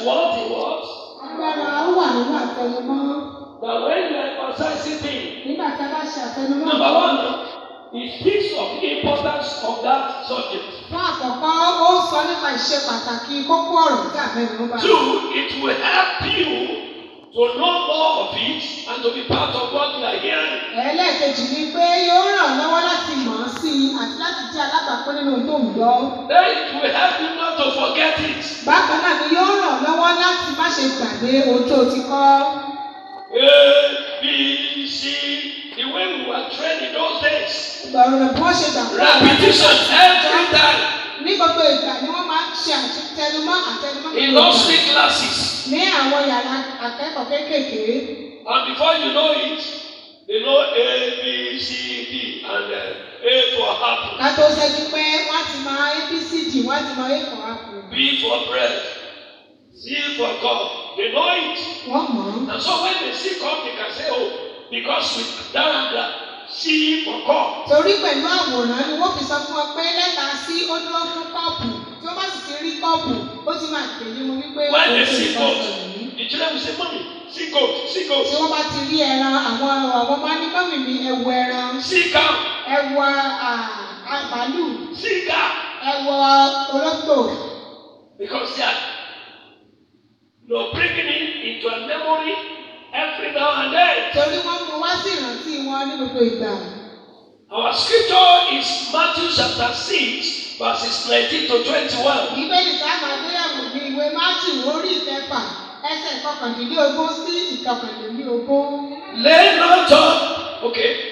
is what he was. Agbára wà nínú àtẹnumọ́. But when you emphasize it. Nígbà tí a bá ṣe àtẹnumọ́. Number one he speaks of the importance of that subject. Fún àkọ́kọ́, ó sọ nípa ìṣe pàtàkì kókó ọ̀rọ̀ tí a bá. Two, it will help you to know more of it and to be part of what you are hearing. ẹlẹ́ẹ̀kejì ni pé yóò ràn lọ́wọ́ láti mọ̀ ọ́ sí i àti láti jẹ́ alábàápẹ́ nínú tó ń gbọ́. then it will help you not to forget it. bákan náà ni yóò ràn lọ́wọ́ láti má ṣe gbàgbé ohun tó ti kọ́. a b c the way we were trained in those days. ìgbà òun ni wọ́n ṣe gbàgbé. repetition every time ní gbogbo ìgbà ni wọ́n máa ń ṣe àtẹnumọ́ àtẹnumọ́. in nursery classes. ní àwọn yàrá akẹ́kọ̀ọ́ kéékèèké. and before you know it they know a b c d and uh, a for apple. ká tó ṣẹ́jú pé wọ́n ti C, D, wọ́n ti mọ a for apple. b for bread c for God. they know it. wọ́n mọ̀. and so when they see God, they can say oh because with that and that sí kọ̀kọ́. torí pẹ̀lú àwòrán ni wọ́n fi sọ fún ọ pé lẹ́tà sí ó dúró fún kọ́ọ̀pù tí ó bá sì ti rí kọ́ọ̀pù ó ti máa pè é mu wípé ó lè sí kọ́ọ̀pù ìtura mi ṣe mọ́mì sí goat sí goat. tí wọ́n bá ti rí ẹran àwọn àwọn bá ní mọ́mì mi ẹ̀wù ẹran. sí ká. ẹ̀wù àbálù. sí ká. ẹ̀wù ológbò. because they are no breaking it into a memory every now and then. Torí wọ́n mú wá sí ìrántí wọn ní gbogbo ìgbà. Our scripture is Matthew chapter six verses nineteen to twenty-one. Ìbéèrè tá a máa gbéyàwó ní ìwé Matthew orí ìkẹfà ẹsẹ̀ ìkọkàndínlógún sí ìkọkàndínlógún. Lay not up, okay.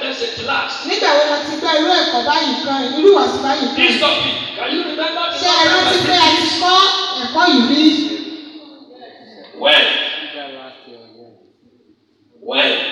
Nígbà wo wọn ti gbọ́ irú ẹ̀kọ́ báyìí kan irú ìwàsí báyìí kan? can you remember Ṣé ẹ rántí pé a ti kọ́ ẹ̀kọ́ yìí rí? When? When?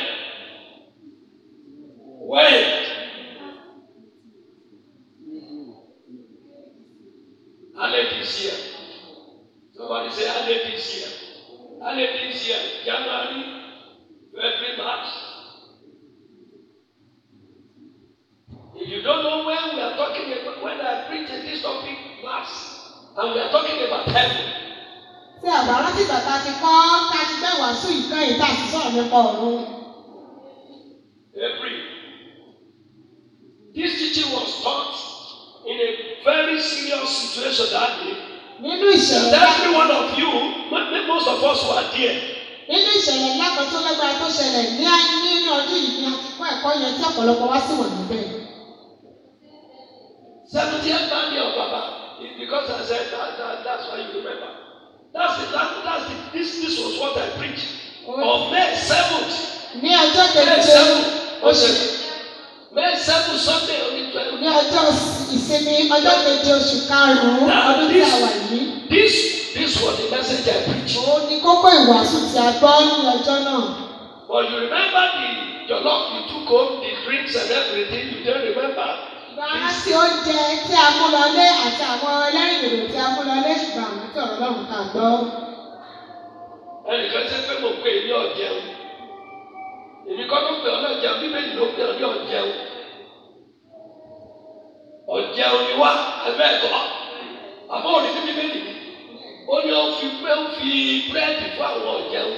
karùn-ún ọdún yìí. this this was the message I preach. òun kókó ìwàásù tí a ní ọjọ́ náà. but you remember the your jollof you took home the drinks and everything you don't remember. Báàsì oúnjẹ tí a mú lọlé àti àwọn ẹlẹ́rìndòdò tí a mú lọlé ṣùgbọ́n àwọn tí ọ̀rọ̀ lọ́hùn ká gbọ́. Ẹnìkan ṣe pé mo pè é ní ọ̀jẹun. Èmi kọ́ ló pè ọ́ lọ́jẹun, Bíbélì ló pè ọ́ ní ọ̀jẹun ọjẹ omi wá àbẹ ẹ̀kọ́ àmọ́ òní ní bíbélì mi ó ní ó fi pé ó fi búrẹ́dì fún àwọn ọjẹ o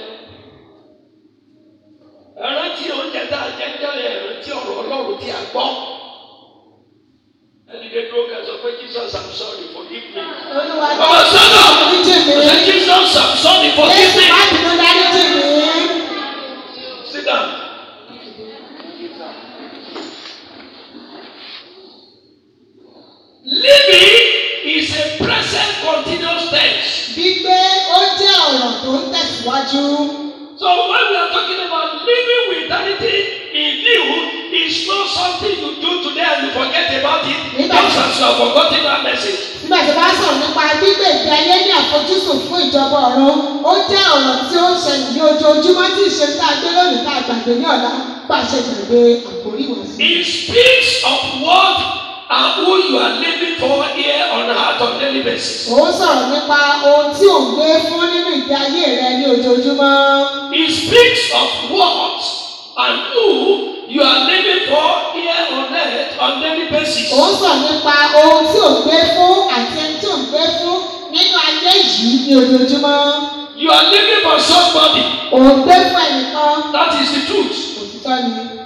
ẹrántí oúnjẹ tá a jẹ ń jẹrẹ ẹrántí ọ̀rọ̀ Ọlọ́run tí a gbọ́ ẹni dé dúró kẹsàn pé Jesus I'm sorry forgive me ọmọ sọdọ ṣe Jesus I'm sorry forgive me sit down. Living is a present continuous tense. Gbígbé ó jẹ́ ọ̀rọ̀ tó ń tẹ̀síwájú. So when we are talking about living with eternity in Nihud, it's not something you do today and you forget about it. Nígbà tí just as you have forgotten that message. Nígbà tí wọ́n sọ̀rọ̀ nípa gbígbé ìgbé ní àfojúsùn fún ìjọba ọ̀run, ó jẹ́ ọ̀rọ̀ tí ó ń ṣẹlẹ̀ ní ojoojúmọ́ tí ìṣe tá a gbé lónìí tá a gbàgbé ní ọ̀la bá a ṣe gbàgbé àkórí wọn sí. It speaks of what and who you are living for here on a heart daily basis. Ó sọ̀rọ̀ nípa ohun tí ò ń gbé fún nínú ìgbé ayé rẹ ní ojoojúmọ́. He speaks of what and who you are living for here on earth on daily basis. Ó sọ̀rọ̀ nípa ohun tí ò ń gbé fún àti ẹni tí ò ń gbé fún nínú ayé yìí ní ojoojúmọ́. You are living for somebody. Ò ń gbé fún ẹnìkan. That is the truth. Òtítọ́ ni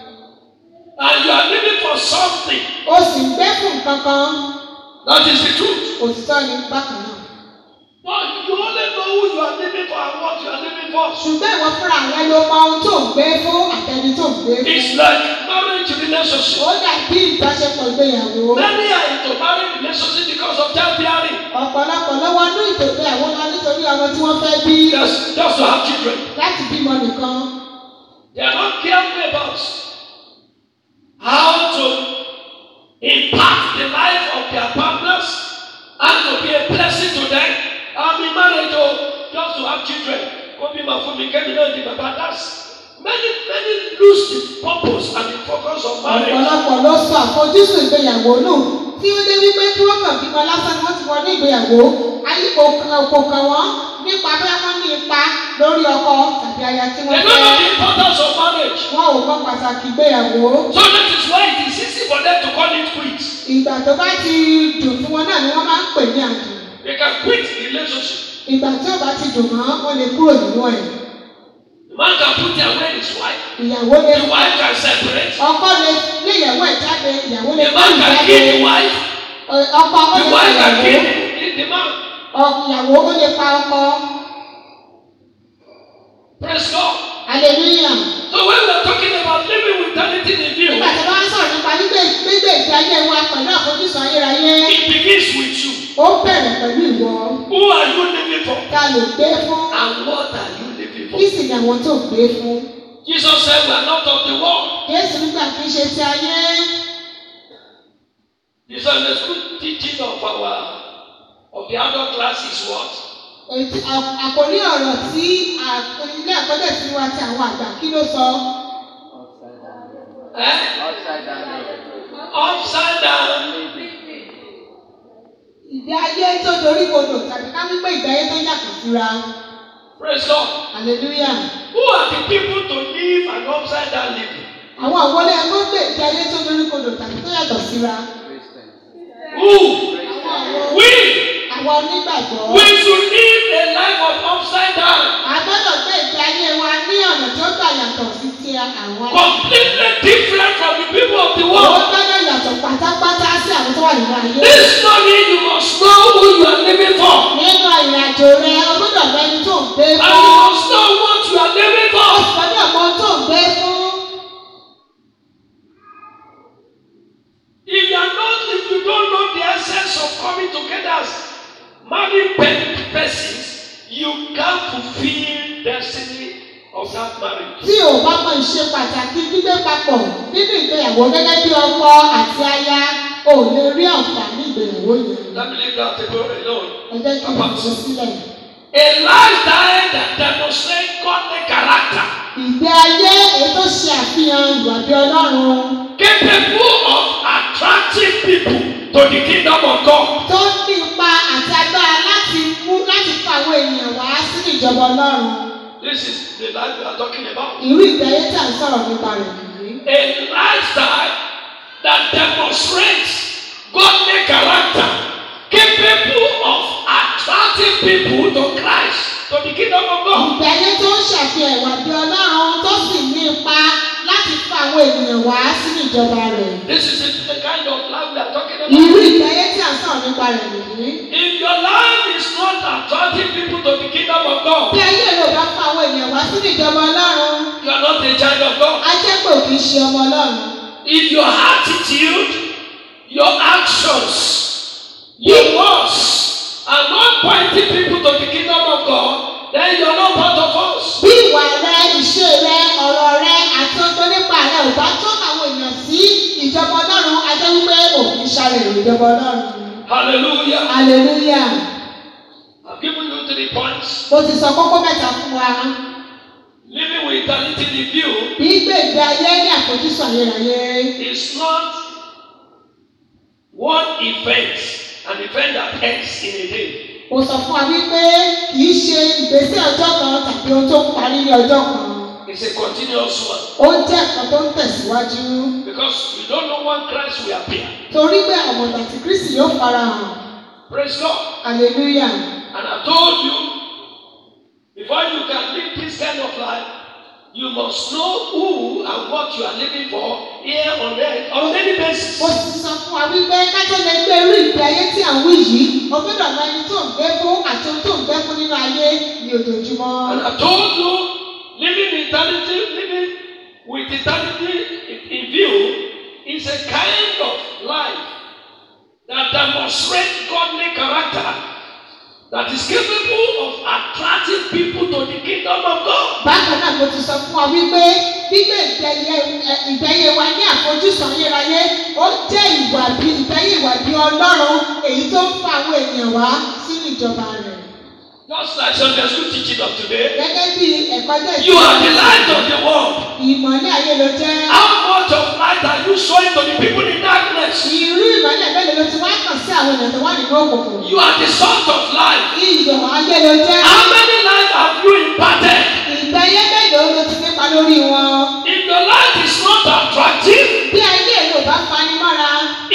and you are living for something. ó sì ń gbé fún kankan. that is the truth. òtítọ́ ni bákan náà. But you only know who you are living for and what you are living for. Ṣùgbọ́n ìwọ fúnra rẹ ló mọ ohun tó ń gbé fún àtẹni tó ń gbé fún. It's like marriage relationship. Ó dàbí ìbáṣepọ̀ ìgbéyàwó. Many are into marriage relationship because of childbearing. Ọ̀pọ̀lọpọ̀ ló wọnú ètò ìgbéyàwó náà nítorí ọmọ tí wọ́n fẹ́ bí. Just just to have children. Láti bímọ nìkan. They are not careful about how to impact the life of their partners and to be a blessing to them. I'll be married to just to have children. Come be my food, me get married to my partners. Many many lose the purpose and the focus of marriage. Ọ̀pọ̀lọpọ̀ ló sọ àfojúsùn ìgbéyàwó náà tí ó dé wípé kí wọ́n kàn bímọ lásán wọ́n ti wọ ní ìgbéyàwó tàbí kò kàn wọ́n nípa bí wọ́n ní ipa lórí ọkọ tàbí aya tí wọ́n fẹ́. they know importance of marriage. wọn ò mọ pàtàkì ìgbéyàwó. so that is why it is easy for them to call it quits. ìgbà tó bá ti dùn fún wọn náà ni wọ́n máa ń pè ní àdùn. they can quit the relationship. ìgbà tí ò bá ti dùn mọ́ wọ́n lè kúrò nínú ẹ̀. the man can put away his wife. ìyàwó lè the wife can separate. ọkọ lè lé ìyàwó ẹ̀ jáde ìyàwó lè kúrò jáde. the man can kill the wife. ọkọ ọkọ lè kúrò ìyàwó. the wife can kill the man ìyàwó ó lè pa ọkọ. Praise God. Hallelujah. So when we are talking about living with eternity in view. Nígbà tí wọ́n sọ̀rọ̀ nípa gbígbé ìgbé ayé wa pẹ̀lú àfojúsùn ayérayé. It begins with you. Ó bẹ̀rẹ̀ pẹ̀lú ìwọ. Who are you living for? Ta ló gbé fún? And what are you living for? Kí sì ni àwọn tó gbé fún? Jesus said we are not of the world. Jésù nígbà kí n ṣe ti ayé. This is the good teaching of our of the adult class is what. àkòrí ọ̀rọ̀ tí ilé ẹ̀kọ́ tẹ̀ sí ti àwọn àgbà kí ló sọ. upside ayé tó dorí kodò tàbí ká wípé ìgbé ayé tó yàtọ̀ síra. hallelujah. who are the people to live an upside down living. àwọn àwọlé ẹgbẹ́ gbé ìgbé ayé tó dorí kodò tàbí tó yàtọ̀ síra. who. we. Àwa onígbàgbọ́. We should live a life of upside down. A gbé ìgbé ayé wa ní ọ̀nà tó gbà yàtọ̀ sí ti àwọn. Completely different from the people of the world. Ó gbọ́dọ̀ yàtọ̀ pátápátá sí àwọn tó ayé. This story you must know who you are living for. Nínú ìrìn rẹ, o gbọ́dọ̀ tó ń gbé fún. And you must know what you are living for. O gbọ́dọ̀ mọ tó ń gbé fún. ṣe pàtàkì gbígbé papọ̀ nínú ìgbéyàwó gẹ́gẹ́ bí ọkọ àti aya ò lè rí àǹfààní ìgbéyàwó yẹn. lábìlì gba tètè rẹ lóore. ẹ kí n fi sílẹ̀. A life that that demonstrates godly character. Ìgbé ayé èyí tó ṣe àfihàn ìwàdí Ọlọ́run. Capable of attracting people to the kingdom of God. Tó ń ní ipa àti agbára láti mú láti fa àwọn ènìyàn wá sínú ìjọba Ọlọ́run. This is the life we are talking about. Irú ìgbéyé tí a ń sọ̀rọ̀ nípa rẹ̀ nìyí. A lifestyle that demonstrates godly character capable of attracting people to Christ to the kingdom of God. Ìgbéyé tó ń ṣàfihàn ìwà bí Ọlọ́run tó sì ní ipa láti fa àwọn ènìyàn wá sínú ìjọba rẹ̀. This is the kind of life we are talking about. Irú ìgbéyé tí a ń sọ̀rọ̀ nípa rẹ̀ nìyí. If your life is not attracting people to the kingdom of God. Bí ayé rẹ̀ bá pa wá ìjọba ọlọ́run. You are not a child of God. A jẹ́ ṣe ọmọ ọlọ́run. If your attitude, your actions, your words are not pointing people to the kingdom of God, then you are not part of us. Bí ìwà rẹ, ìṣe rẹ, ọ̀rọ̀ rẹ, àti ọgbọ́n nípa rẹ ò bá tó àwọn èèyàn sí ìjọba ọlọ́run, a wípé ò kì ìjọba ọlọ́run. Hallelujah. Hallelujah. I've given you three points. Mo ti sọ kókó mẹ́ta fún wa. Living with eternity in view. Gbígbé ayé ní àfojúsùn ayérayé. It's not one event an event that ends in a day. Kò sọ fún wa wípé kì ṣe ìgbésẹ̀ ọjọ́ kan tàbí ohun tó parí ní ọjọ́ kan. It's a continuous one. Ó jẹ́ nǹkan tó ń tẹ̀síwájú. Because we don't know when Christ will appear. Torí pé àwọn ọ̀dà tí Kristi yóò farahàn. Praise God. Hallelujah. And I told you. You must know who and what you are living for here on earth on daily basis. Ó sì sọ fún wa wípé kájọ́ lè gbé irú ìgbé ayé tí à ń wí yìí, o gbọ́dọ̀ mọ ẹni tó ń gbé fún àti tó ń gbé fún nínú ayé ní ojoojúmọ́. And I told you living eternity living with eternity in view is a kind of life that demonstrates godly character that is capable of attracting people to the kingdom of God. bákan náà mo ti sọ fún ọ wípé gbígbé ìgbẹ́yẹ wa ní àfojúsùn ayérayé ó jẹ́ ìwà bí ìgbẹ́yẹ ìwà bí ọlọ́run èyí tó ń fa àwọn ènìyàn wá sínú ìjọba rẹ̀. Just like Sunday school teaching of today. Gẹ́gẹ́ bí ẹ̀kọ́ jẹ́ You are the light of the world. Ìmọ̀lẹ̀ ayé ló jẹ́. How much of light are you showing to the people in darkness? Irú ìmọ̀lẹ̀ bẹ́ẹ̀ ló ti wá kàn sí àwọn ènìyàn tó wà nínú òkùnkùn. You are the salt of life. Iyọ̀ ayé ló jẹ́. How many lives have you imparted? Ìgbẹ́yẹ mélòó ló ti nípa lórí wọn? If your light is not attractive. Bí ayé yóò bá fani mọ́ra.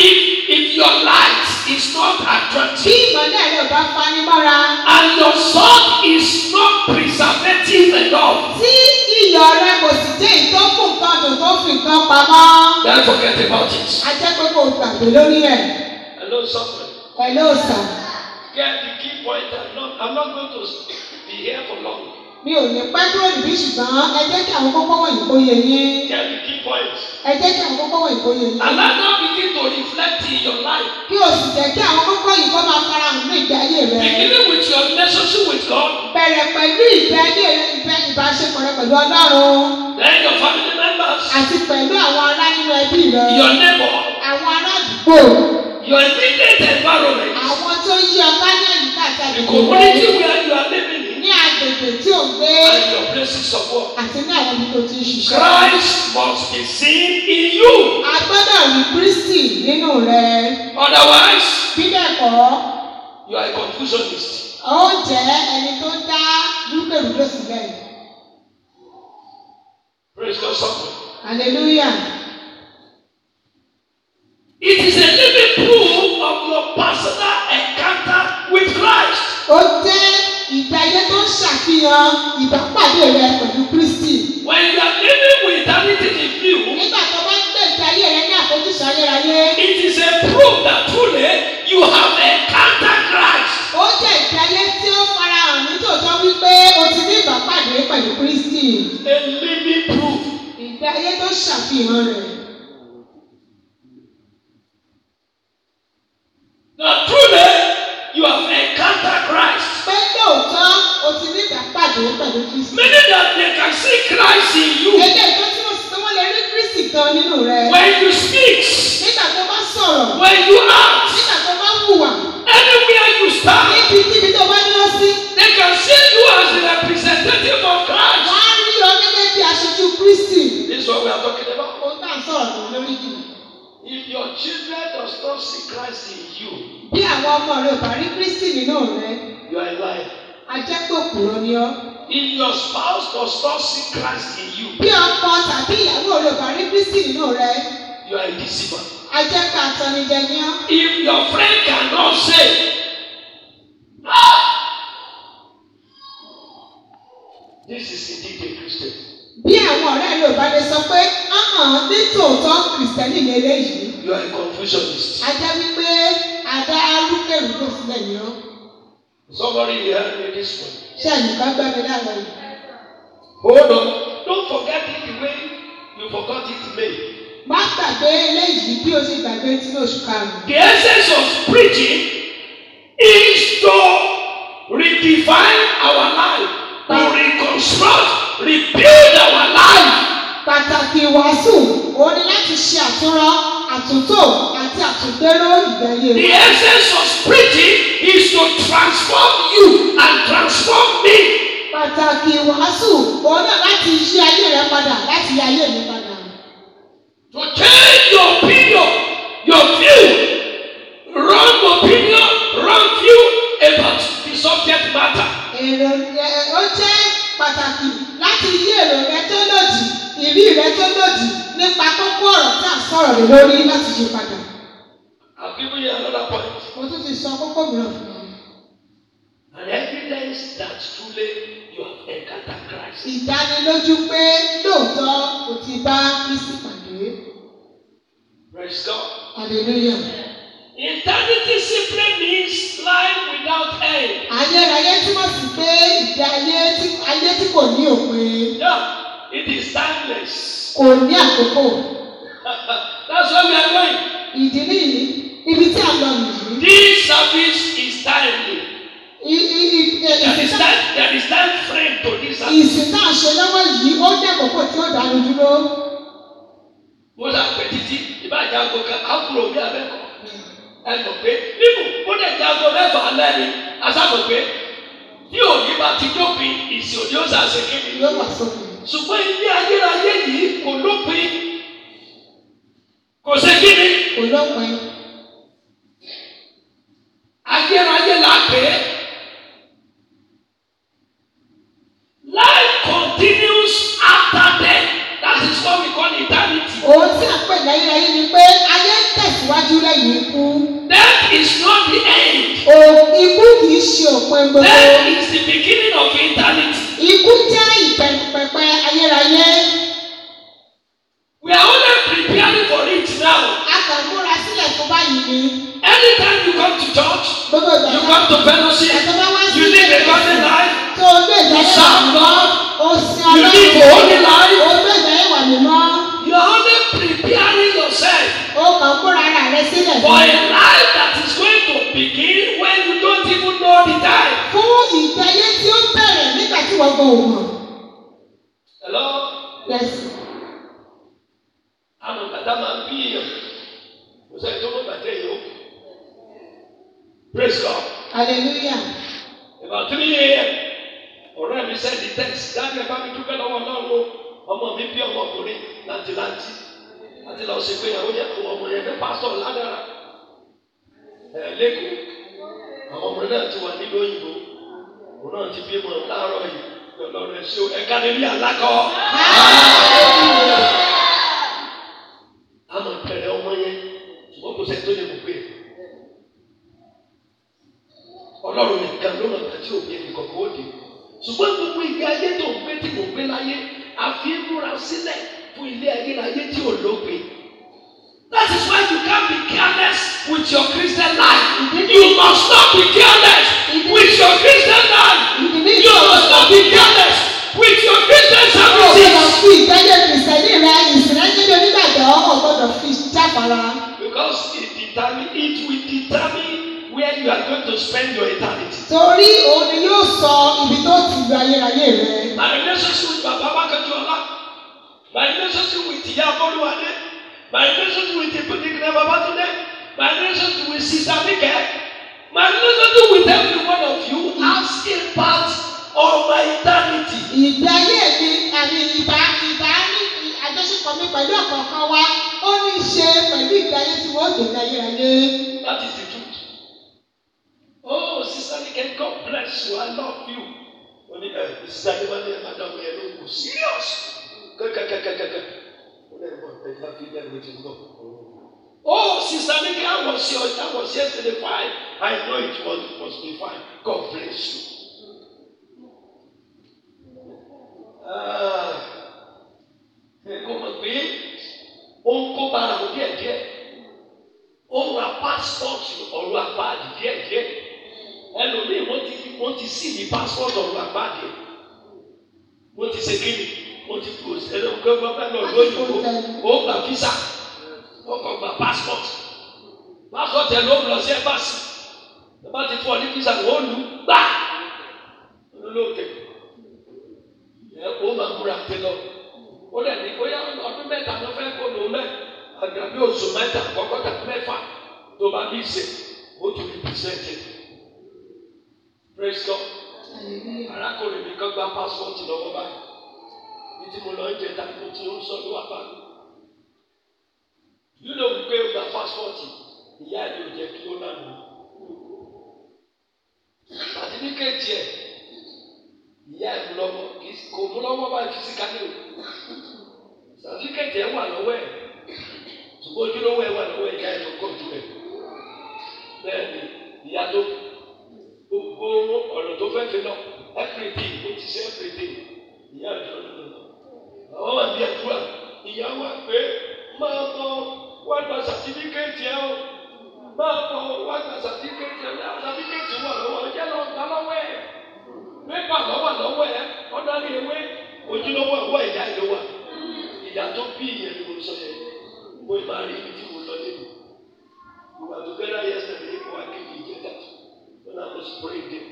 If if your light is not attractive. Bí ìmọ̀lẹ́ rẹ̀ bá fani mọ́ra. And your salt is not preservative enough. Tí iyọ̀ rẹ kò sì dé ìtọ́kù kan tó tó fi nǹkan pamọ́. Don't forget about it. A jẹ́ pé kò gbàgbé lórí rẹ̀. Hello somebody. Hello sir. Get the key point. I'm not, I'm not going to be here for long mi ò ní pẹ́ kúrò ṣùgbọ́n ẹ jẹ́ kí àwọn kókó wọ̀nyí kó yé yín. ẹ jẹ́ kí àwọn kókó wọ̀nyí kó yé yín. And that now begin to reflect in your life. kí o sì jẹ́ kí àwọn kókó yìí kó máa fara hàn ní ìgbé ayé rẹ. beginning with your relationship with God. bẹ̀rẹ̀ pẹ̀lú ìgbé ayé rẹ ìgbé ìbáṣepọ̀ rẹ pẹ̀lú Ọlọ́run. then your family members. àti pẹ̀lú àwọn ará your neighbor. your immediate environment. the community where you are living agbègbè tí ò ń gbé. and your places of work. àti ní àwọn ibi tó ti ń ṣiṣẹ́. Christ must be seen in you. a gbọ́dọ̀ rí Kristi nínú rẹ. otherwise. bí bẹ́ẹ̀ kọ́. you are a confusionist. ó jẹ́ ẹni tó dá rúgbèrúgbè sílẹ̀. praise God something. hallelujah. It is a living proof of your personal encounter with Christ. Okay ìgbàyé tó ń ṣàfihàn ìbápàdé rẹ pẹ̀lú Kristi. When you are living with eternity in view. Nígbà tó bá ń gbé ìgbé ayé rẹ ní àfojúsùn ayérayé. It is a proof that truly you have a encountered Christ. forgot it May. Má gbàgbé eléyìí bí o ṣe gbàgbé nínú oṣù karùn-ún. The essence of preaching is to redefine our life, to reconstruct, rebuild our life. Pàtàkì ìwàásù òun ni láti ṣe àtúnrán, àtúntò àti àtúngbéró ìgbẹ́yẹ. The essence of preaching is to transform you and transform me. Pàtàkì ìwàásù òun náà láti yí ayé rẹ padà láti ayé mi padà to change your opinion, your view, wrong opinion, wrong view about the subject matter. Èrò rẹ̀ ó jẹ́ pàtàkì láti yí èrò rẹ tó lòdì, ìrí rẹ tó lòdì nípa kókó ọ̀rọ̀ tá à ń sọ̀rọ̀ lé lórí láti ṣe padà. Àbíwí another point. Mo tún ti sọ kókó mìíràn fún mi. An evidence that truly you have encountered Christ. Ìdánilójú pé lóòótọ́ kò ti bá Kristi pàdé. Praise God. Hallelujah. Eternity simply means life without end. Ayérayé túmọ̀ sí pé ìgbé ayé tí ayé tí kò ní òpin. Yeah, it is timeless. Kò ní àkókò. That's why we are going. Ìdí nìyí, ibi tí a lọ nìyí. This service is timely. Eh, eh, there is time, there is time frame to this service. Ìsìn náà ṣe lọ́wọ́ yìí, ó ní àkókò tí ó dá mi dúró mo là pé títí ìbáàjá aago kan á kúrò bí abẹ́kọ̀ ẹ mọ̀ pé níbo mo dẹ̀ jẹ́ aago mẹ́fà alẹ́ ni asámọ̀ pé tí òní bá ti dópin ìsìn òní ó sàṣẹ kí ni. ṣùgbọ́n ilé ayérayé yìí kò lópin kò ṣe kí kò lópin. ayérayé là síwájú lẹ́yìn ikú. That is not the end. O ikú kìí ṣe òpin gbogbo. That is the beginning of eternity. Ikú jẹ́ ìpẹ̀pẹ̀pẹ̀ ayérayé. We are only preparing for it now. A kàn múra sílẹ̀ tó báyìí ni. Anytime you come to church, you come to fellowship, you live a godly life, you serve God, you live a holy life, you are only preparing yourself. O kàn múra sílẹ̀. for a life that is going to begin when you don't even know the time. fún ìgbáyé tí ó bẹ̀rẹ̀ nígbà tí wọ́n gbọ́ òun mọ̀. hello. yes. àwọn bàtà máa ń bí èèyàn kò sẹ́ni tó mọ̀ bàtà èèyàn òkú. praise God. hallelujah. about three a.m. ọ̀rẹ́ mi sẹ́ni text dáhùn ẹ̀ bá mi dúpẹ́ lọ́wọ́ náà wo ọmọ mi bí ọmọkùnrin lọ ṣe gbéyàwó yẹ fún ọmọ yẹn ní pásítọ̀ ládàrà ẹ lẹ́kọ̀ọ́ àwọn ọmọ náà ti wà nílùú òyìnbó òun náà ti bímọ láàárọ̀ yìí lọ́rọ̀ ẹ̀ ẹ̀ka nílé àlákọ̀ọ́. nothing with Sister Mika. My relationship with every one of you. I've still part of my eternity. Ìgbé ayé mi àmì ìbá ìbá ní àjọṣepọ̀ mi pẹ̀lú ọ̀kọ̀ọ̀kan wa ó ní ṣe pẹ̀lú ìgbé ayé tí wọ́n gbé ayé ayé. That is the truth. Oh, Sister Mika, God bless you. I love you. Ó ní ẹ̀ eh, Sister Mika ní ẹ̀ Madam yẹn ló kù. Serious. Kẹ́kẹ́kẹ́kẹ́kẹ́. Ó lè mọ̀ ẹ̀ka fi dẹ́gbẹ̀ẹ́ ti gbọ́. Oh, Sister Nikki, I was your, that was yesterday fine. I know it was it was be fine. God bless you. Ah, kò mọ̀ pé ó ń kó bára mu díẹ̀díẹ̀. Ó ń ra passport ọ̀rọ̀ àbáàdì díẹ̀díẹ̀. Ẹlòmíì wọ́n ti wọ́n ti sí passport ọ̀rọ̀ àbáàdì. Wọ́n ti ṣe kí ni? Wọ́n ti kò sí ẹlòmíì kọ́ gbọ́ bẹ́ẹ̀ lọ lóyìnbó. Ó gbà físà kọ́kọ́ gba passport passport ẹ̀ ló ń lọ sí ẹ́mbàsì bàbá ti fún ọ ní visa ó lù ú gbà lókè ẹ̀ ó máa múra pé lọ ó dẹ̀ ní bóyá ọdún mẹ́ta ló fẹ́ kó lò mẹ́ àgbàbí oṣù mẹ́ta kọ́kọ́ tàbí mẹ́fà tó bá bí ṣe ó tún fi pèsèǹtì praise God arákùnrin mi kan gba passport lọ́wọ́ báyìí ní tí mo lọ ń jẹ tàbí tí ó ń sọ lówà báyìí yìí ló wípé ó gba pásítọ̀tì ìyá ẹ̀ ló jẹ́ kí ó lánàá sàtífíkẹ́ẹ̀tì ẹ̀ ìyá ẹ̀ lọ́mọ kò mú lọ́mọ bá fisikálì o sàtífíkẹ́ẹ̀tì ẹ̀ wà lọ́wọ́ ẹ̀ ṣùgbọ́n ojúlówó ẹ̀ wà lọ́wọ́ ẹ̀ ìyá ẹ̀ ló kọ́ ju ẹ̀ bẹ́ẹ̀ ni ìyá tó gbogbo ọ̀nà tó fẹ́ fi lọ everything ó ti ṣe everything ìyá ẹ̀ lọ́wọ́ àwọn àbí ẹ̀dúrà ìyá wa pé máa bọ́ wá gba sàtífíkẹ́ẹ̀tì ẹ o máa bọ̀ wá gba sàtífíkẹ́ẹ̀tì ẹ o sàtífíkẹ́ẹ̀tì wà lọ́wọ́ ẹ jẹ́ lọ gbà lọ́wọ́ ẹ pépà lọ́wọ́ lọ́wọ́ ẹ ọ̀dàlì ewé ojúlówó ẹ̀wọ́ ìyá ìlú wa ìyá tó bí ìyẹn ni mo sọ yẹn mo ì máa rí ibi tí mo lọ dé mi we were together yesterday for a kid in jẹta when I was praying there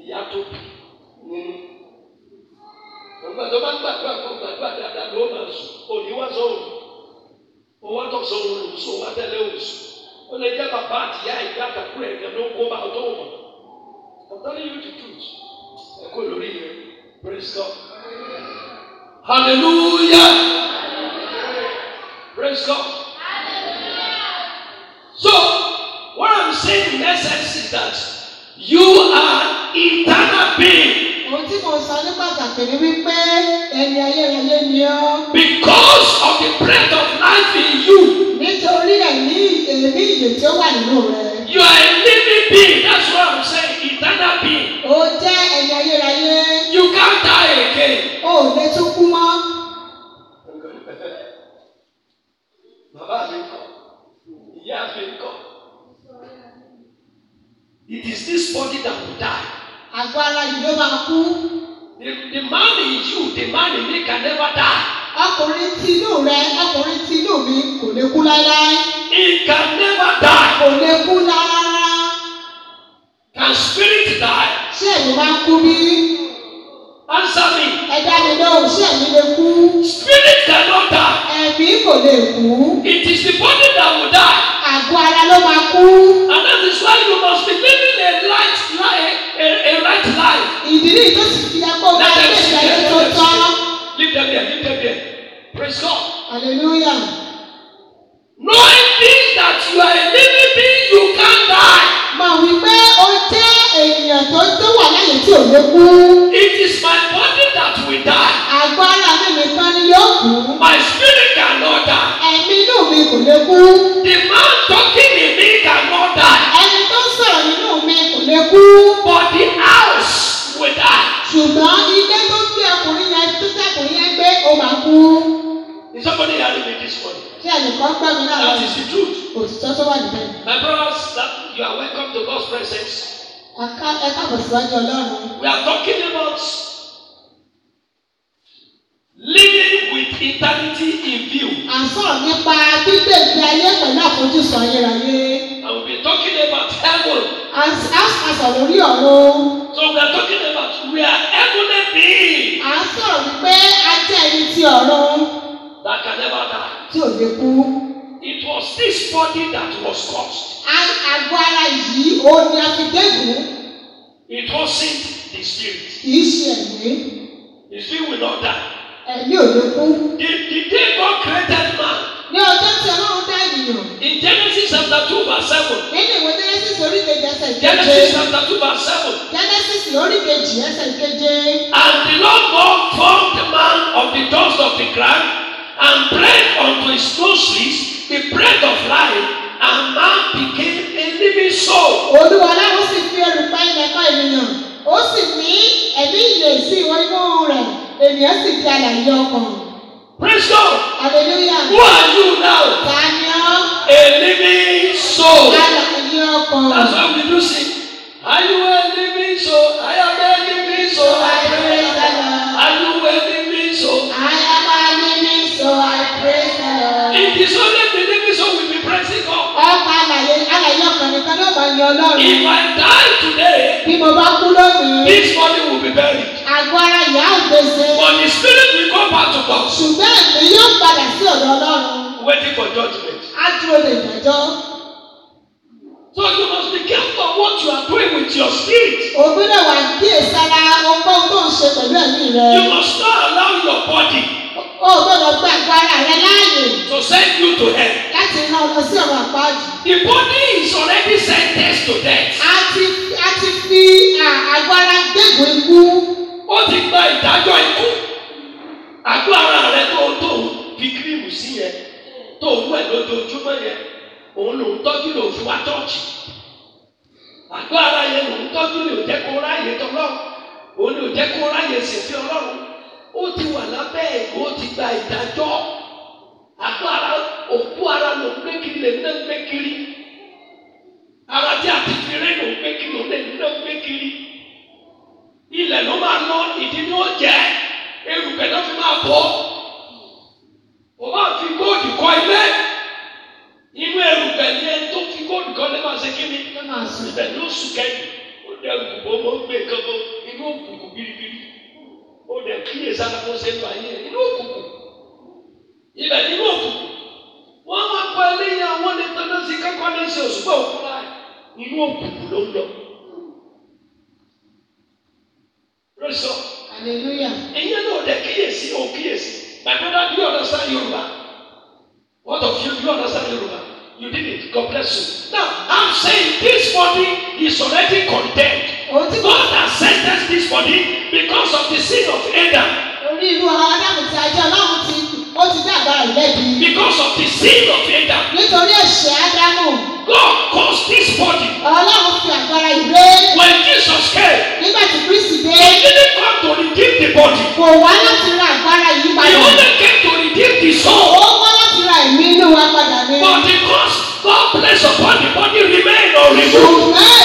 ìyá tó bí nínú ọgbà tó bá gbàdúrà kó gbàdúrà dáadáa ló máa sùn òní wá sọ òní owó tó sọ wọn lòsùn wọn tẹlẹ òsùn ó lè jẹ bàbá àtìyá ìgbà àtàkùn ẹgbẹ ló kó bá ọdún wọn I'm telling you the truth ẹ kó lórí yẹn praise God hallelujah praise God hallelujah so what I'm saying in essence is that you are eternal being ohun tí mo sọ ní pàtàkì ni wípé ẹni ayérayé ni ọ. because of the breath of èmi ó wà nínú rẹ. You are a living being, that's what I'm saying, eternal being. Ó jẹ́ ẹ̀yà ayérayé. You can't die again. O ò lè tún kú mọ́. Bàbá mi kọ̀, ìyá mi kọ̀. It is this body that will die. Àgọ́ ara yìí ló máa kú. The the man in you, the man in me can never die ọkùnrin ti inú rẹ ọkùnrin ti inú mi kò lè kú láéláé. It can never die. kò lè kú rárá. Can spirit die? ṣé èyí máa kú bí? Answer me. ẹ dá mi lóhùn ṣé èyí lè kú? Spirit cannot die. ẹ̀mí kò lè kú. It is the body that will die. àgọ́ ara ló máa kú. And that is why you must be living a right life. A, a right life. ìdílé tó sì fi ẹ̀kọ́ máa ń gbèsè ẹ̀yẹ tó tọ́. Leave them there. Leave there. Praise God. Hallelujah. Knowing this that you are a living being, you can't die. Mọ̀ wípé o jẹ́ ènìyàn tó tó wà láyé tí ò lè kú. It is my body that will die. Àgọ́ mi nìkan ni yóò kú. My spirit cannot die. Ẹ̀mí inú mi kò lè kú. presence. Àká ẹ káàbọ̀ síwájú Ọlọ́run. We are talking about living with eternity in view. À ń sọ̀rọ̀ nípa gbígbé ìgbé ayé pẹ̀lú àfojúsùn ayérayé. I will be talking about heaven. As as as ọ̀rọ̀ rí ọ̀run. So we are talking about we are heavenly beings. À ń sọ̀rọ̀ wípé a jẹ́ ẹni ti ọ̀run. That can never die. Tí ò lè kú. It was this body that was cursed. Àgọ́ ara yìí ó ní a it was It the spirit. Kì í ṣe ẹ̀mí. The spirit will not die. Ẹ̀mí ò lè kú. The the day God created man. Ní ọjọ́ tí Ọlọ́run dá ènìyàn. In Genesis chapter two verse seven. Nínú ìwé Genesis orí kejì ẹsẹ̀ keje. Genesis chapter two verse seven. Genesis orí kejì ẹsẹ̀ keje. And the Lord God formed man of the dust of the ground and breathed unto his nostrils the bread of life, and man became a living soul. Olúwa Ọlọ́run sì fi olùpa ìdẹ́kọ̀ ènìyàn, ó sì ní ẹ̀mí ìrèsí wọnú rẹ̀, ènìyàn sì di alàyè ọkàn. Praise God. Hallelujah. Who are you now? Ta A living soul. Alàyè ọkàn. That's why we do Are you a living soul? ìyìn ọlọ́run. If I die today. Bí mo bá kú lónìí. This body will be buried. Àgọ́ ara ìyá àgbèsè. But the spirit will go back to God. Ṣùgbọ́n èmi yóò padà sí ọ̀dọ̀ ọlọ́run. Waiting for judgment. Á dúró de ìdájọ́. So you must be careful what you are doing with your spirit. Òbí rẹ̀ wà kíyèsára ọgbọ́n tó ń ṣe pẹ̀lú ẹ̀mí rẹ̀. You must not allow your body. O gbọ́dọ̀ gba ẹ̀kọ́ ara rẹ láàyè. To send you to hell. Láti ná ọmọ sí ọ̀rọ̀ àpáàdì. The body is already sentenced to death. A ti a ti fi agbára gbẹ̀gbẹ̀ ikú. Ó ti gba ìdájọ́ ikú. Àgọ́ ara rẹ tó tó fi kírìmù sí yẹn tó wẹ̀ lójoojúmọ́ yẹn òun lòun tọ́jú lòun fi wá tọ́ọ̀jì àgọ́ ara yẹn lòun tọ́jú lè jẹ́ kó ráyè tọ́lọ́ òun lè jẹ́ kó ráyè sèfé ọlọ́run ó ti wà lábẹ́ ẹ̀kọ́ ó ti gba ìdájọ́ àpò ara òkú ara ló gbé kiri lè ní gbé kiri ara tí a ti fi rẹ́ ló ń gbé kiri ló lè ní gbé kiri ilẹ̀ ló máa lọ ìdí ni ó jẹ́ erùpẹ̀ náà fi máa bọ́ ó máa fi góòdù kọ́ ilé inú erùpẹ̀ ni ẹni tó fi góòdù kọ́ lè ṣe kí ni lè máa sùn ibẹ̀ ló sùn kẹ́yìn ó dẹ̀ gbogbo ó gbé kankan inú òkùnkùn biribiri ó dẹ̀ kíyè sára kó sẹ́nu ayé rẹ̀ inú òkùnkùn ibẹ̀ inú òkùnkùn wọ́n máa kọ́ eléyìí àwọn ní tọ́jú sí kẹ́kọ́ ní ṣe òṣùpá òkúra inú òkùnkùn ló ń lọ. Rẹ́sọ̀. Hallelujah. Ẹ̀yin náà dẹ̀ kíyèsí ò kíyèsí. My brother, do you understand Yoruba? What of you do you understand Yoruba? You did it. God bless you. Now, I'm saying this morning is already content. God has sentenced this body because of the sin of Adam. Orí inú Ádámù ti ajá Ọlọ́run ti ó ti dàgbà ìlẹ́bi. Because of the sin of Adam. Nítorí ẹ̀ṣẹ̀ Ádámù. God caused this body. Ọlọ́run fi àgbára ìwé. When Jesus came. Nígbà tí Kristi dé. He didn't come to redeem the body. Kò wá láti ra àgbára yìí padà. He only came to redeem the soul. Ó wá láti ra ìmí inú wa padà ní. But the cost God placed upon the body remained unremoved. Ṣùgbọ́n.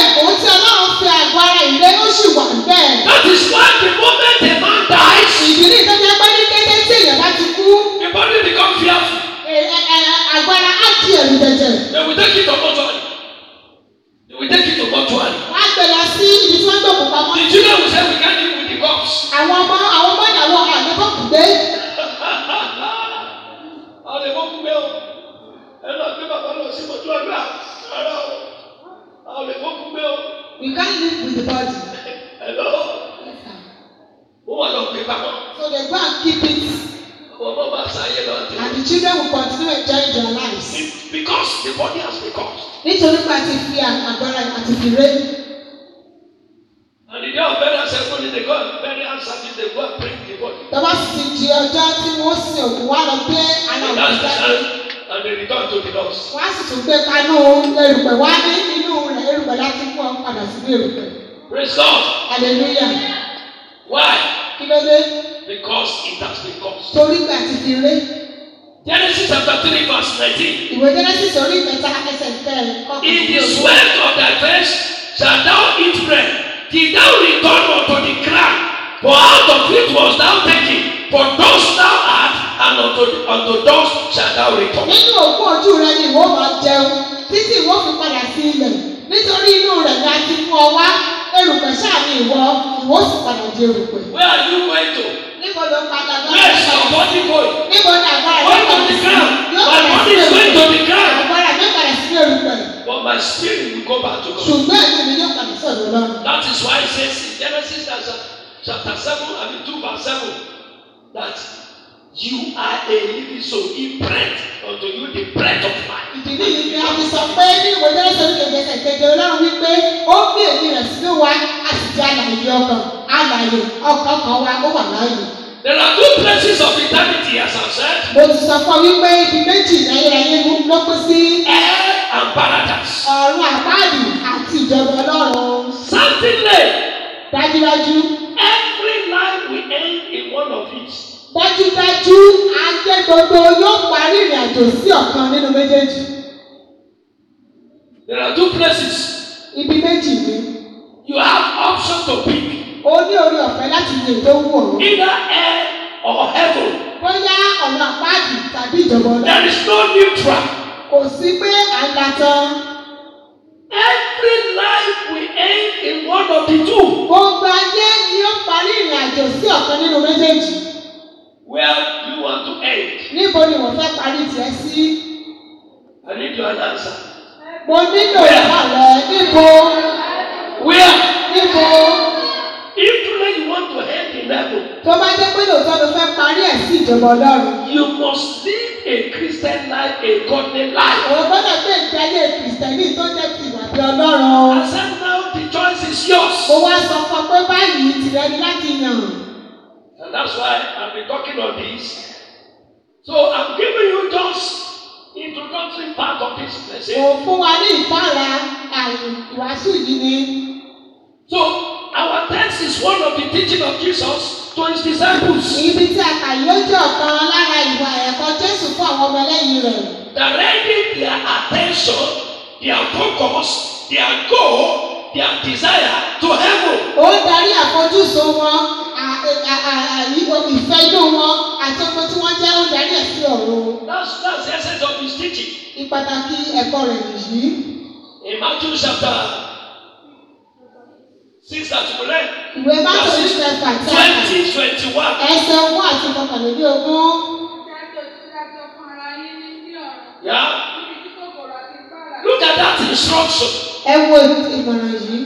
In the sweat of thy face shall thou eat bread. Till thou return unto the ground. For out of it was thou taken. For dust thou art, and unto, unto dust shall thou return. Nínú òkú ojú rẹ ni ìwọ máa jẹun, títí ìwọ fi padà sí ilẹ̀. Nítorí inú rẹ̀ ni a ti fún ọ wá. Erùpẹ̀ ṣáà ni ìwọ, ìwọ sì padà di erùpẹ̀. Where are you going to? Níbo ló padà lọ? Where is your body going? Níbo ni àgbára yóò padà sí? Going to the ground. My body is going to the ground. Àgbára mi padà sí erùpẹ̀. But my spirit will go back to God. Ṣùgbọ́n ẹ̀mí mi yóò padà sọ̀rọ̀ náà. That is why he says in Genesis chapter seven I mean two verse seven that you are a living soul he breath unto you the bread of life. Ìdílé yìí ni a fi sọ pé ní ìwé Jẹ́rẹ́sẹ̀ kẹ̀kẹ́ kẹ̀kẹ́ Ọlọ́run wípé ó gbé èmi rẹ̀ sínú wa a sì di alàyè ọkàn alàyè ọkàn kan wa ó wà láàyè. There are two places of eternity as I said. Mo ti sọ fún mi pé ibi méjì ayérayé ló pín sí. Hell and paradise. Ọ̀run àpáàdì àti ìjọba ọlọ́run. Certainly. Dájúdájú. Every life we end in one of it. Dájúdájú ajé gbogbo yóò parí ìrìn àjò sí ọ̀kan nínú méjèèjì. There are two places. Ibi méjì ni. You have option to pick o orí ọ̀fẹ́ láti lè tó wù ọ́. either air or heaven. bóyá ọ̀nà àpáàdì tàbí ìjọba ọ̀la. there is no neutral. kò sí pé à ń la every life we end in one of the two. gbogbo ayé ni ó parí ìrìn àjò sí ọ̀kan nínú méjèèjì. where you want to end. níbo ni wọ́n fẹ́ parí tiẹ̀ sí. I need your answer. mo nílò ìwà rẹ̀ níbo. ìgbádùn. tó bá jẹ́ pé lóòótọ́ ló fẹ́ parí ẹ̀ sí ìjọba ọlọ́run. you must live a Christian life a godly life. o gbọ́dọ̀ pé ìgbé ayé kìrìsìtẹ́nì tó jẹ́ ti ìwà bí ọlọ́run. as I now the choice is yours. ó wá sọ fún ọ pé báyìí tìrẹ ni láti yàn. and that's why I've been talking on this. So I'm giving you just introductory part of this message. Mo fún wa ní ìfara àìwàásù yìí ni. So Our text is one of the teaching of Jesus to his disciples. Ibi tí a kà yóò jẹ́ ọ̀kan lára ìwà ẹ̀kọ́ Jésù fún àwọn ọmọ ẹlẹ́yìn rẹ̀. Directly their attention, their focus, their goal, their desire to heaven. Ó darí àfojúsùn wọn, ìfẹ́ inú wọn, àti ọmọ tí wọ́n jẹ́ ó darí ẹ̀ sí ọ̀run. That's that's the essence of his teaching. Ìpàtàkì ẹ̀kọ́ rẹ̀ nìyí. In Matthew chapter six àti kúlẹ̀. ìwé mọ́tò oníṣẹ́ pàtàkì. twenty twenty ẹsẹ̀ owó àti kọkànlélógún. Yeah. Look at that instruction. Ẹ wo ìmọ̀ràn yìí.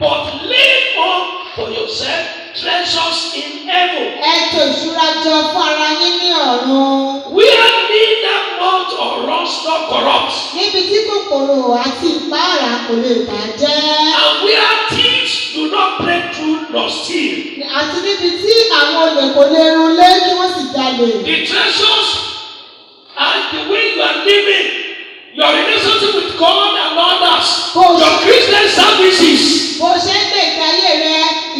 But live more for yourself treasures in heaven. Ẹ tò ìṣúra jọ fún ara yín ní ọ̀run. Where neither moth or rust nor corrupt. Níbi tí kòkòrò àti ìpáàrà kò lè bàjẹ́. And where thieves do not break through nor steal. Àti níbi tí àwọn olè kò lè runlé kí wọ́n sì jalè. The treasures and the way you are living your relationship with God and others, Bo your Christian services. Bó ṣe ń gbé ìgbé ayé rẹ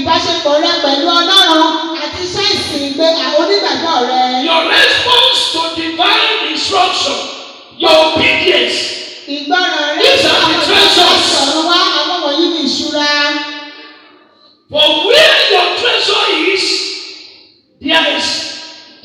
ìbáṣepọ̀ rẹ pẹ̀lú ọlọ́run àti iṣẹ́ ìsìn ìgbé onígbàgbọ́ rẹ. Your response to divine instruction, your obedience. Ìgbọràn rẹ sọ àwọn ìṣòro wá àwọn wọ̀nyí ní ìṣúra. For where your treasure is, there is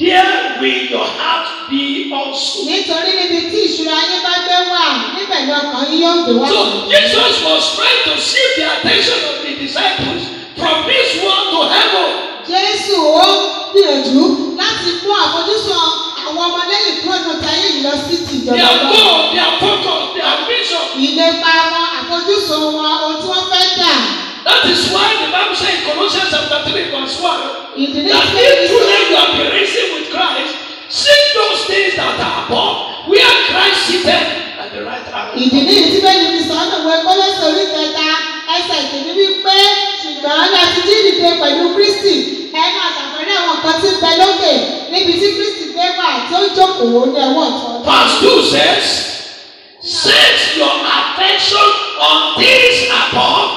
there will your heart be also. Nítorí níbi tí ìṣúra yín bá gbé wà, níbẹ̀ ni ọkàn yín yóò gbé wá. So Jesus was trying to shift the attention of the disciples from this world to heaven. Jésù ó gbìyànjú láti mú àfojúsùn àwọn ọmọlẹ́yìn kúrò ní ọ̀tayé yìí lọ sí ti ìjọba. Their goal, their focus, their vision. Ìlépa wọn, àfojúsùn wọn, ohun tí wọ́n fẹ́ dà. That is why the Bible says in Colossians chapter three verse one. Ìdílé ṣe é. That if truly you have been risen with Christ, seek those things that are above, where Christ seated at the right hand. Ìdílé ìdílé yìí ti sọ́nà wọ ẹgbẹ́ lọ́sọ̀rọ̀ ìkẹta ẹsẹ̀ ìkíní wípé ṣùgbọ́n ẹ ti dín ìdìde pẹ̀lú Kristi ẹ máa ṣàpẹẹrẹ àwọn kan tí ń bẹ lókè níbi tí Kristi gbé wà tó ń jókòó ní ẹwọ́ ọ̀tọ̀. Verse two says, set your attention on things above,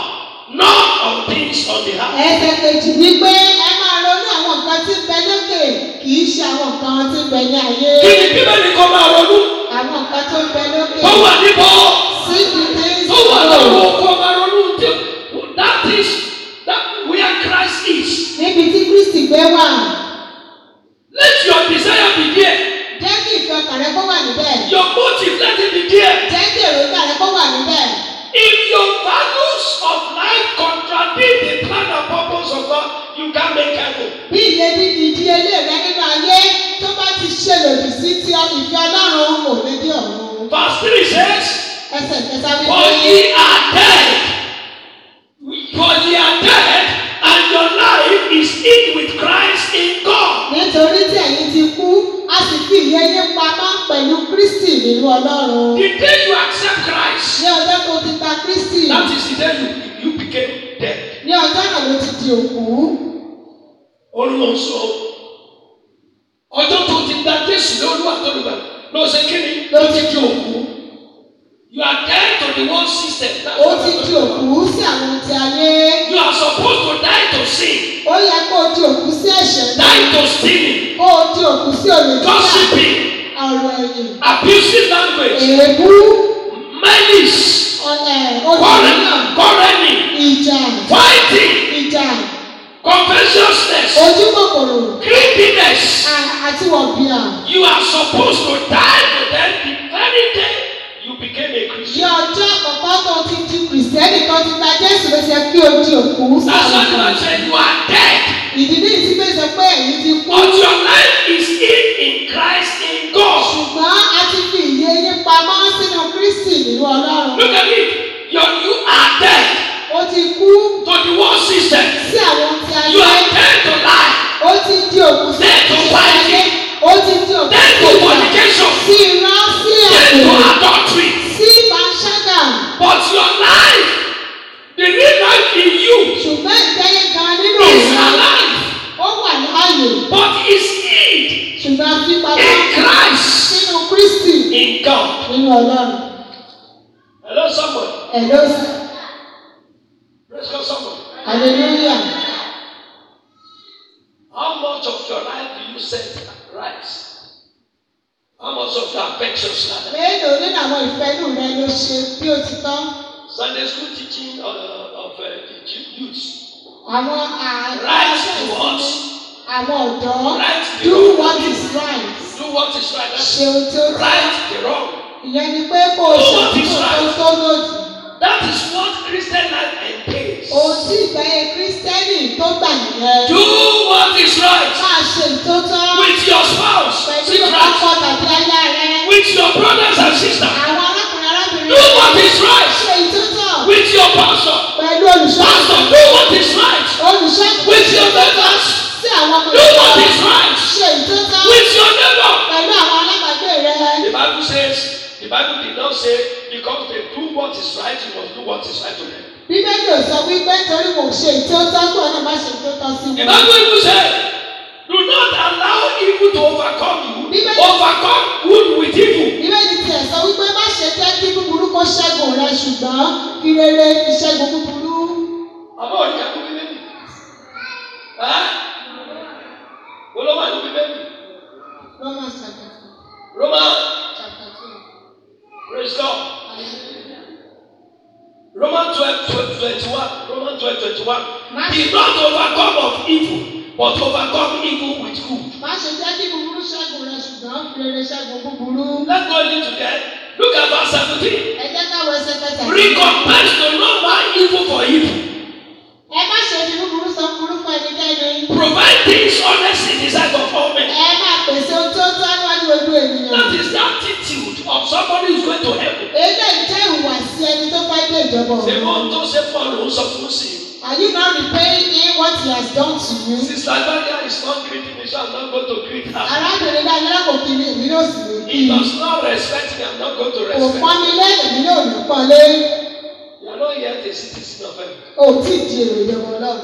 not on things on the earth. Ẹsẹ̀ kejì ni pé ẹ máa ronú àwọn nǹkan tí ń bẹ lókè kì ṣe àwọn nǹkan tí ń bẹ ní ayé. Kí ni Bíbélì kan máa ronú? Àwọn nǹkan tó ń bẹ lókè. Tó wà níbọ̀. Sí ìdílé ìṣòro. wà lọ́wọ́. That is that where Christ is. Níbi tí Kristi gbé wà. Let your desire be there. Jẹ́ kí ìfẹ́ ọkàn rẹ kó wà níbẹ̀. Your motive let it be there. Jẹ́ kí èròǹgbà rẹ kó wà níbẹ̀. If your values of life contradict the plan and purpose of God, you can make heaven. Bí ìlérí ni ìdíyelé rẹ nínú ayé tó bá ti ṣe lòdì sí ti ìfẹ́ Ọlọ́run òun ò lè dé ọ̀run. Verse three says. Ẹsẹ̀ kẹta wípé. For ye are dead. pẹ̀lú Kristi nínú Ọlọ́run. The day you accept Christ. Ní ọjọ́ tó ti gba Kristi. That is the day you you became dead. Ní ọjọ́ náà ló ti di òkú. Olúwa sọ, ọjọ́ tó ti gba Jésù lórí àtọ́lùgbà ló ṣe kíni. Ló ti di òkú. You are dead to the world system. Ó ti di òkú sí àwọn ti ayé. You are supposed to die to sin. Ó yẹ kó o di òkú sí ẹ̀ṣẹ̀. Die to sin. Kó o di òkú sí olùdíjà. Gossiping ọ̀rọ̀ ẹ̀yìn. abusive language. èébú. malice. ọ̀nà kọ́rẹ́nà kọ́rẹ́nì. ìjà. fighting. ìjà. confessiousness. ojú kòkòrò. greediness. àti wọ̀bìà. you are supposed to die to them the very day you became a Christian. ní ọjọ́ àkọ́kọ́ tó ti di kìrìsìtẹ́nì kan ti gba Jésù ló ṣe pé ojú òkú. that's why you are saying you are dead. ìdílé ìdílé sọ pé èyí ti kú. but your life in Christ in God. Ṣùgbọ́n a ti fi ìyè yín pamọ́ sínú Kristi nínú Ọlọ́run. Look at it, your you are dead. O ti kú. To the world system. Hello somebody. Hello somebody. says, the Bible did not say, because they do what is right, you must do what is right to them. Bíbélì ò sọ wípé torí mo ṣe ìtí ó tán kó ọ̀nà má ṣe ìtí tán sí mi. The Bible even said, do not allow evil to overcome you, overcome good with evil. Bíbélì tiẹ̀ sọ wípé má ṣe jẹ́ kí búburú kó ṣẹ́gun rẹ ṣùgbọ́n fi rere fi búburú. Àbọ̀ òní àkókò bíbélì. Olówó àdúgbò bíbélì. Lọ́wọ́ àṣàkóso. Romans chapter 2. Praise God. Romans 12, 12, 21. Romans 12, 21. Be not overcome of evil, but overcome evil with good. Let's go into that. Look at verse seventeen. Ẹ Recompense to no man evil for evil. Provide things honest in the of all men irú ènìyàn. that is the attitude of somebody who is going to heaven. èlé jẹ́ ìwàsí ẹni tó fẹ́ gbé ìjọba òun. ṣé wọ́n tó ṣe fọ́ọ̀lù ń sọ fún sí i. Are you now repaying him what he has done to you? Sister Nadia is not greeting me, so I'm not go to greet her. Arábìnrin náà ní ọkọ̀ kìíní èmi náà sì ní. He does not respect me, I'm not going to respect him. Kò pọ́n mi lé èmi náà ò ní pọ́n lé. You are not yet a citizen of heaven. O ti di èrò ìjọba Ọlọ́run.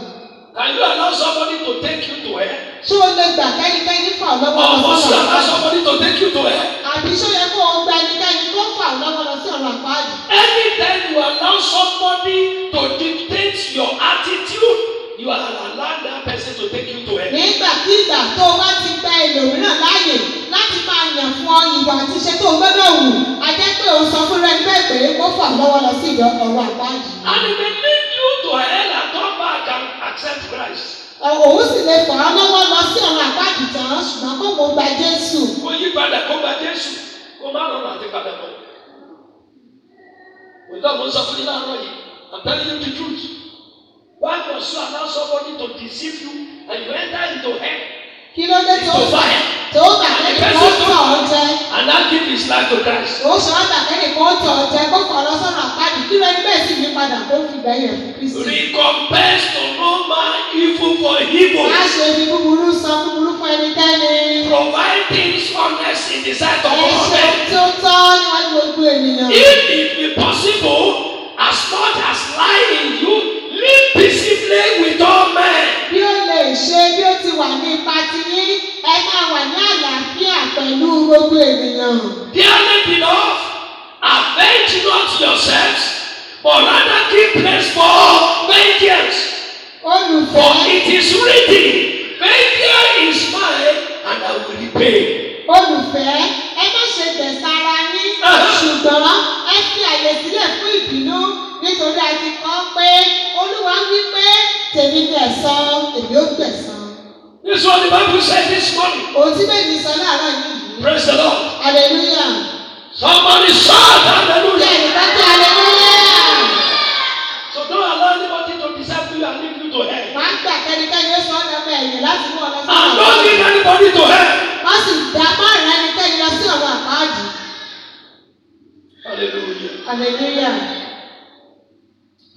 Can you allow somebody to take you to hell? Ṣé o lè gbà kẹ́nikẹ́ni fà ọ́ lọ́wọ́ lọ sí ọ̀nà? Or must you allow somebody to take you to hell? Àbí ṣé o yẹ kó o gba ẹnikẹ́ni tó fà ọ́ lọ́wọ́ lọ sí ọ̀nà àpáàdì? Anytime you allow somebody to dictate your attitude, you are allow that person to take you to hell. Nígbàkigbà tó o bá ti gba ẹlòmíràn láàyè láti máa yàn fún ọ ìwà àti iṣẹ́ tó o gbọ́dọ̀ wù, a jẹ́ pé o sọ fún rẹ bẹ́ẹ̀ pé kó fà ọ́ lọ́wọ́ lọ sí ọ̀nà àpáàdì. And it may you to hell at accept Christ. Òun sì lè fà á lọ́wọ́ lọ sí ọ̀nà àbájì tán ṣùgbọ́n kó mo gba Jésù. Kó yí padà kó gba Jésù kó má rọrùn àti padà bọ̀. Òtítọ́ mo sọ fún yín láàárọ̀ yìí, I'm telling you the truth. Why must you allow somebody to deceive you and you enter into hell? kí ló dé tó tó bàtẹ́ nìkan tọ̀ ọ́ jẹ. and that give his life to Christ. ó sọ bàtẹ́ nìkan tọ̀ ọ́ jẹ kó kọ̀ lọ sọ́nà àpáàdì kí ló ń bẹ̀ sí mi padà kó fi bẹ́yẹ̀ fún Kristi. recompense to no man even for evil. a ṣe ibi búburú san búburú fún ẹni tẹ́lẹ̀. provide things honest in the sight of all men. ẹ̀ṣẹ̀ tó tọ́ ni wọ́n gbogbo ènìyàn. if it be possible as much as lying you live peaceably with all ṣe bí ó ti wà ní ipa ti yín ẹ máa wà ní àlàáfíà pẹ̀lú gbogbo ènìyàn. Dearly beloved, avenge not yourselves, but rather give place for vengeance. Olùfẹ́. For it is written, vengeance is mine and I will repay. Olùfẹ́, ẹ má ṣe gbẹ̀sà ara yín, uh-huh. ṣùgbọ́n ẹ fi àyè sílẹ̀ fún ìbínú nítorí a ti kọ́ pé Olúwa ń wí pé tèmi ní ẹ̀san èmi ó gbẹ̀san. this one, what the bible said this morning. òun tí bẹ́ẹ̀ ní yìí. praise the lord. hallelujah. somebody shout hallelujah. bẹ́ẹ̀ni bá tẹ hallelujah. so don't allow anybody to disable you and leave you to hell. máa gbà kẹ́nikẹ́ni ó sọ ọ́nà ọmọ ẹ̀yìn láti mú ọ̀nà sí ọ̀nà. and don't leave anybody to hell. wọ́n sì dá márùn-ún ẹnikẹ́ni lọ sí ọ̀nà àpáàdì. hallelujah. hallelujah.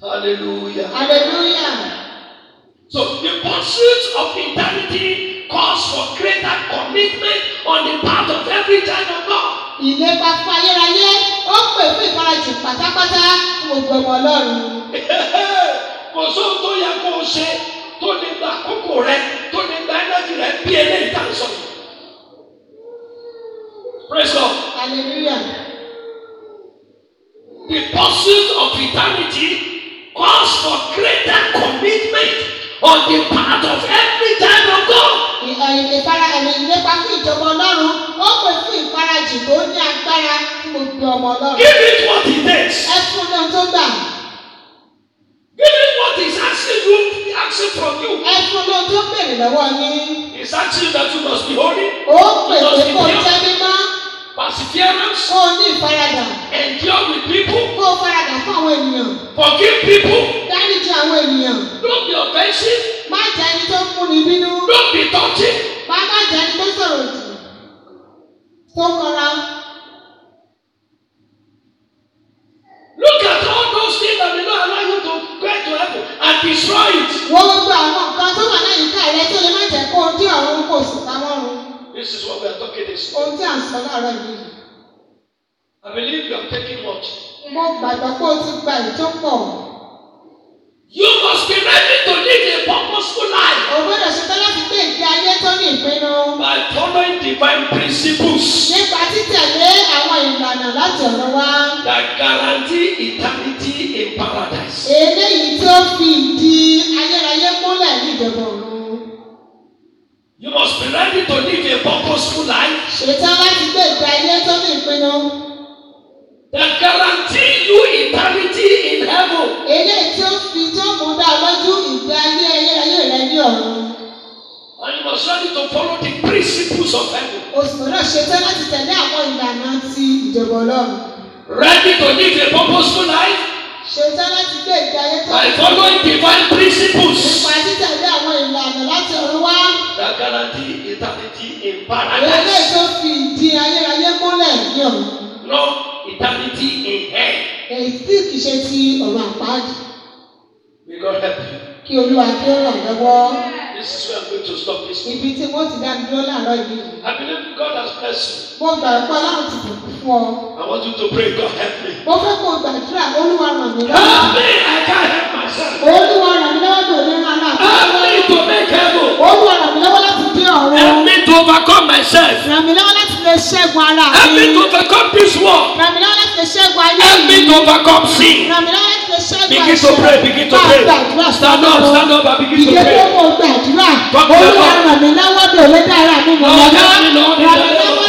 hallelujah. hallelujah. So the pursuit of eternity calls for greater commitment on the part of every child of God. Ìlépa fún ayérayé, ó pè fún ìfarajù pátápátá fún gbogbo ọmọ Ọlọ́run. Kò sóhun tó yẹ kó o ṣe tó lè gba àkókò rẹ tó lè gba ẹnẹ́jì rẹ bí eléyìí tá à ń sọ. Praise God. Hallelujah. The pursuit of eternity calls for greater commitment on the part of every time of God. ìfara ẹ̀mí nípa fún ìjọba ọlọ́run ó pè fún ìfarajì tó ní agbára fún gbogbo ọmọ ọlọ́run. give it what it takes. ẹ fún náà tó gbà. give it what is asking you asking from you. ẹ fún náà tó bèrè lọ́wọ́ yín. it's asking that you must be holy. ó pè pé kò jẹ́ Perseverance. Kó o Endure with people. Kó o faradà fún àwọn ènìyàn. Forgive people. then Dáríjì àwọn ènìyàn. Don't be offensive. my jẹ́ ẹni tó fún ni Don't be touching, my má jẹ́ ẹni tó sọ̀rọ̀ jù. Tó kọra. Look at all those things that they don't allow you to get to heaven and destroy it. Wọ́n gbogbo àwọn nǹkan tó wà láyìíká rẹ̀ tó lè má jẹ́ kó o dín àwọn kò sí pamọ́ run. This is what we are talking this. Ohun tí à ń sọ láàárọ̀ yìí. I believe you are taking much. Mo gbàgbọ́ pé o ti gba ètò pọ̀. You must be ready to live a purposeful life. O gbọ́dọ̀ ṣetán láti gbé ìgbé ayé tó ní ìpinnu. By following divine principles. Nípa títẹ̀lé àwọn ìlànà láti ọ̀rọ̀ wá. That guarantee eternity in paradise. Eléyìí tí ó fi ìdí ayérayé múlẹ̀ ní ìjọba òun. You must be ready to live a purposeful life. Ṣètò láti gbé ìgbà ilé tó ní ìpinnu. They guarantee you eternity in heaven. Ilé tí ó fi tó mú dá lójú ìgbà ayé ayé ayé rẹ ní ọ̀run. And you must ready to follow the principles of heaven. Òṣùwọ̀n náà ṣetán láti tẹ̀lé àwọn ìlànà ti ìjọba Ọlọ́run. Ready to live a purposeful life ṣètò láti gbé ìgbé ayé kan. by following divine principles. nípa títẹ̀lé àwọn ìlànà láti ọ̀run wá. that guarantee eternity in paradise. ìrẹ́lẹ̀ tó fi ìdí ayérayé múlẹ̀ ní ọ̀run. no eternity in hell. èyí tí kì í ṣe ti ọ̀run àpáàdì. may God help you. kí olúwa kí ó ràn lọ́wọ́ this is where I'm going to stop this. Ibi tí wọ́n ti dá dúró láàárọ̀ yìí. I believe God has blessed you. Mo gbà pé Ọlọ́run ti bùkún fún ọ. I want you to pray God help me. Mo fẹ́ kó o gbàdúrà Olúwa ràn mí lọ́wọ́. Help me I can't help myself. Olúwa ràn mí lọ́wọ́ tó nínú ara. Help me to make heaven. Olúwa ràn mí lọ́wọ́ láti dé ọ̀run. Help me to overcome myself. Ràn mí lọ́wọ́ láti lè ṣẹ́gun ara mi. Help me to overcome this war. Ràn mí lọ́wọ́ láti lè ṣẹ́gun ayé mi. Help me to overcome sin. Ràn mí lọ́wọ́ begin to pray begin to pray stand up stand up and begin to pray. ìdílé mo gbàdúrà olúwa ràn mí lọ́wọ́ bí òwe dára mi mọ̀ lọ́wọ́ ràn mí lọ́wọ́.